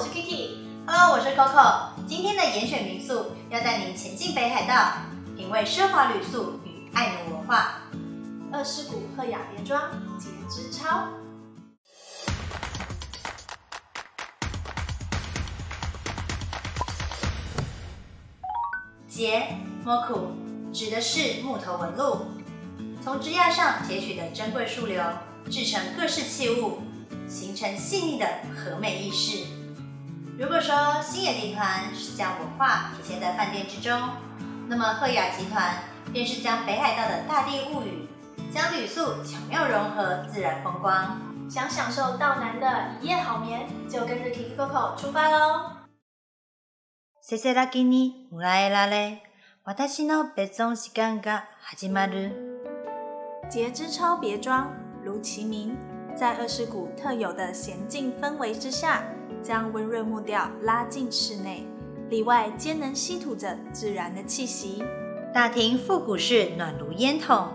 我是 Kiki，Hello，我是 Coco。今天的嚴選民宿要帶您前進北海道，品味奢華旅宿與愛奴文化。二世谷鶴雅別莊，杢之抄。杢 moku 指的是木頭紋路，從枝椏上截取的珍貴樹瘤，製成各式器物，形成細膩的和美意識。如果說星野集團是將文化體現在飯店之中，那麼鶴雅集團便是將北海道的大地物語，將旅宿巧妙融合自然風光。想享受道南的一夜好眠，就跟着 Kiko Coco 出發嘍！謝謝拉給你，不來拉嘞，我的那別莊時間該開始嘛了。杢之抄別莊，如其名，在二世谷特有的閑靜氛圍之下，將溫潤木調拉進室內，裡外皆能吸吐着自然的氣息。大廳復古式暖爐煙筒，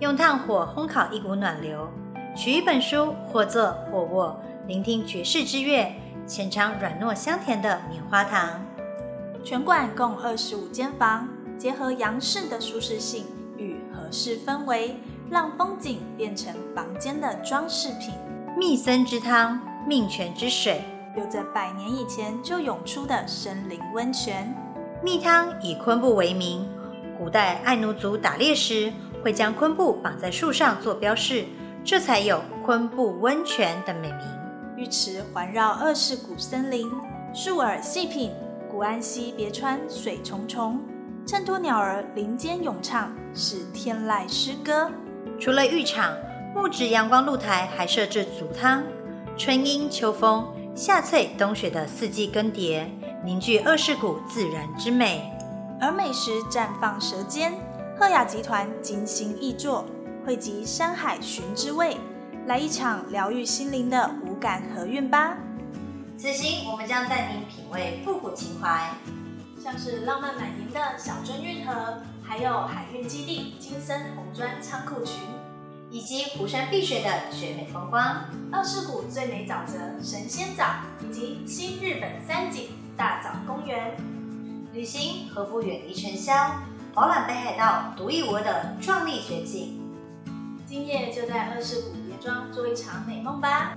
用炭火烘烤一股暖流。取一本書，或坐或臥，聆聽爵士之樂，淺嘗軟糯香甜的棉花糖。全館共二十五間房，結合洋式的舒適性與和式氛圍，讓風景變成房間的裝飾品。密森之湯，命泉之水。有着百年以前就湧出的森林溫泉，蜜湯以昆布為名。古代愛奴族打獵時，會將昆布綁在樹上做標示，這才有昆布溫泉的美名。浴池環繞二世谷森林，樹耳細品，古安溪別川水重重，襯托鳥兒林間詠唱，是天籟詩歌。除了浴場，木質陽光露台還設置足湯，春陰秋風，夏翠冬雪的四季更迭，凝聚二世谷自然之美；而美食綻放舌尖，鶴雅集團精心易作，匯集山海尋之味，來一場療癒心靈的五感合韻吧。此行我們將帶您品味復古情懷，像是浪漫滿盈的小樽運河，還有海運基地金森紅磚倉庫群。以及湖山碧水的絕美風光，二世谷最美沼澤神仙沼，以及新日本三景大沼公園。旅行何不遠離塵囂，飽覽北海道獨一無二的壯麗雪景？今夜就在二世谷別莊做一場美夢吧。